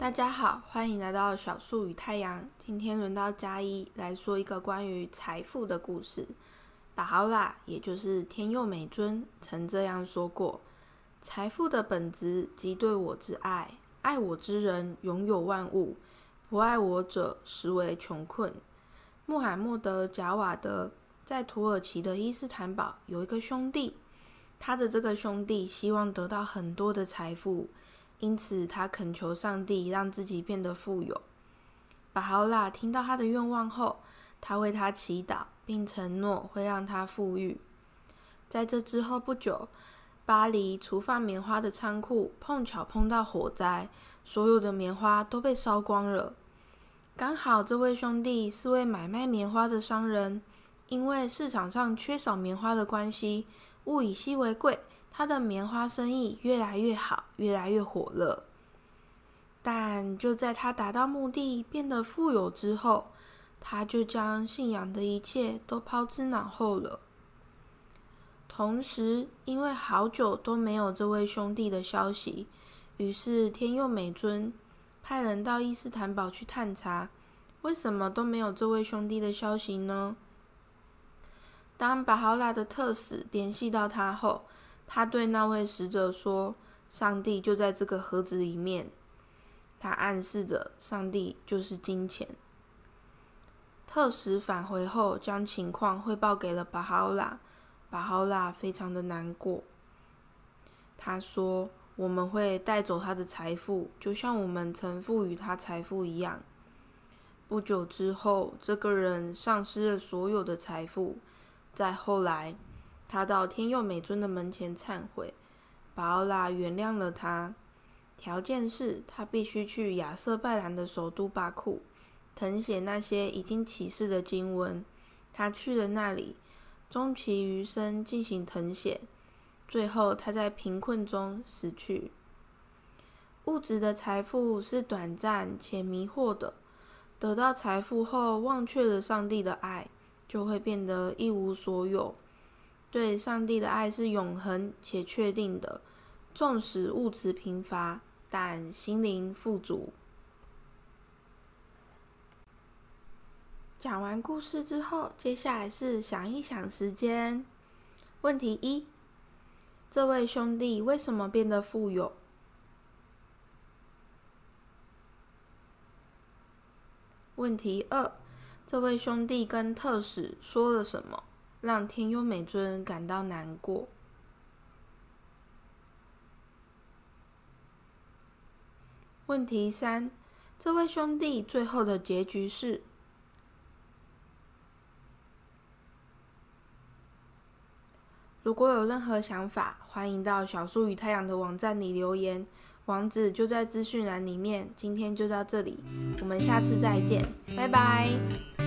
大家好，歡迎來到小樹與太陽。今天輪到加一來說一個關於財富的故事。巴哈歐拉，也就是天佑美尊，曾這樣說過：“財富的本質即對我之愛，愛我之人擁有萬物；不愛我者，實為窮困。”穆罕默德·賈瓦德在土耳其的伊斯坦堡有一個兄弟，他的這個兄弟希望得到很多的財富。因此，他懇求上帝讓自己變得富有。巴哈拉聽到他的願望後，他為他祈禱，並承諾會讓他富裕。在這之後不久，巴黎儲放棉花的倉庫碰巧碰到火災，所有的棉花都被燒光了。剛好這位兄弟是位買賣棉花的商人，因為市場上缺少棉花的關係，物以稀為貴。他的棉花生意越來越好，越來越火熱。但就在他達到目的、變得富有之後，他就將信仰的一切都拋之腦後了。同時，因為好久都沒有這位兄弟的消息，於是天佑美尊派人到伊斯坦堡去探查，為什麼都沒有這位兄弟的消息呢？當巴哈拉的特使聯繫到他後，他對那位使者說：“上帝就在這個盒子裡面。”他暗示着上帝就是金錢。特使返回後，將情況匯報給了巴哈拉。巴哈拉非常的難過。他說：“我們會帶走他的財富，就像我們曾賦予他財富一樣。”不久之後，這個人喪失了所有的財富。再後來，他到天佑美尊的門前懺悔，巴奧拉原諒了他，條件是他必須去亞塞拜然的首都巴庫，謄寫那些已經啟示的經文。他去了那裡，終其餘生進行謄寫，最後他在貧困中死去。物質的財富是短暫且迷惑的，得到財富後忘卻了上帝的愛，就會變得一無所有。對上帝的愛是永恆且確定的，縱使物質貧乏，但心靈富足。講完故事之後，接下來是想一想時間。問題一：這位兄弟為什麼變得富有？問題二：這位兄弟跟特使說了什麼？讓天佑美尊感到難過。問題三：這位兄弟最後的結局是？如果有任何想法，歡迎到小樹與太陽的網站裡留言，網址就在資訊欄裡面。今天就到這裡，我們下次再見，拜拜。